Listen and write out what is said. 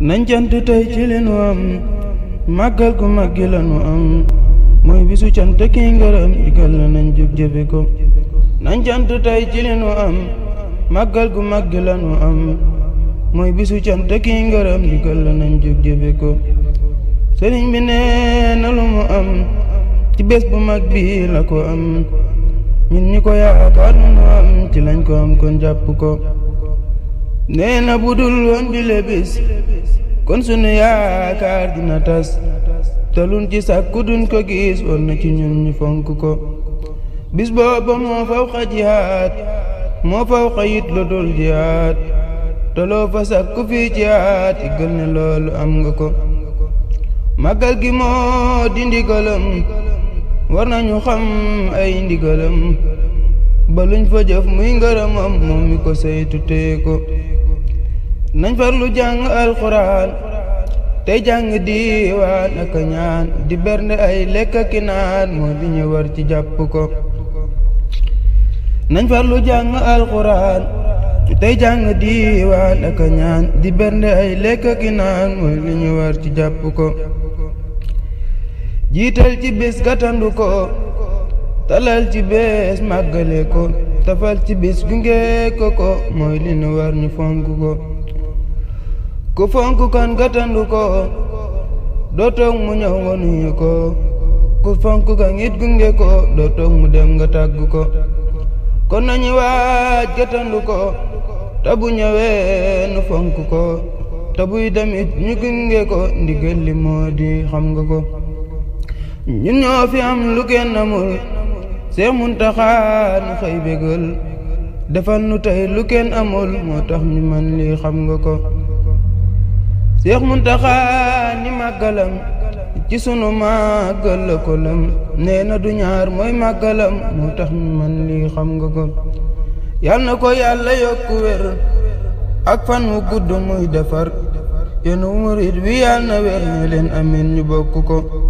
nañ cant tey ci li nu am màggal gu mag gi la nu am mooy bisu cant kii ngërëm digal la nañ jóg jëfe ko nañ cant tey ci li nu am màggal gu mag gi la nu am mooy bisu cant kii ngërëm digal la nañ jóg ko sëriñ bi nee na lu mu am ci bés bu mag bi la ko am ñun ñi ko yaakaar nu am ci lañ ko am kon jàpp ko nee na budul woon bi le kon sunu yaakaar dina tas te luñ ci sàkku duñ ko gis woon ci ñun ñu fonk ko bis booba moo fawqa jihaad moo fawqa yit lu dul jihaad te loo fa sàkku fii jihaad yëgal ne loolu am nga ko màggal gi moo di ndigalam war nañu xam ay ndigalam ba luñ fa jëf muy ngërëmam moom ko saytu tee ko nañ lu jàng alxuraan tey jàng diiwaan ak ñaan di bernde ay lekk ak naan moo war ci jàpp ko nañ farlu jàng alxuraan tey jàng diiwaan ak ñaan di bernde ay lekk ak naan moo war ci jàpp ko jiital ci bis gàttandu ko talal ci bés màggale ko tafal ci bis gunge ko ko mooy war ñu fonk ko ku fonk kon nga ko doo mu ñëw nga ko ku fonk ka ngit gunge ko doo mu dem nga tàggu ko kon nañu waaj nga tëndu ko te bu ñëwee nu fonk ko te buy demit ñu gunge ko ndigal li moo di xam nga ko ñun ñoo fi am lu kenn amul Seex Muntaxa nu xëy defal nu tey lu kenn amul moo tax ñu man li xam nga ko Seex Muntaxa ni màggalam ci sunu màggal la ko lëm na du ñaar mooy màggalam moo tax ñu man li xam nga ko na ko yàlla yokku wér ak fan wu gudd muy defar yéen murit wi yal na wér ne leen amin ñu bokk ko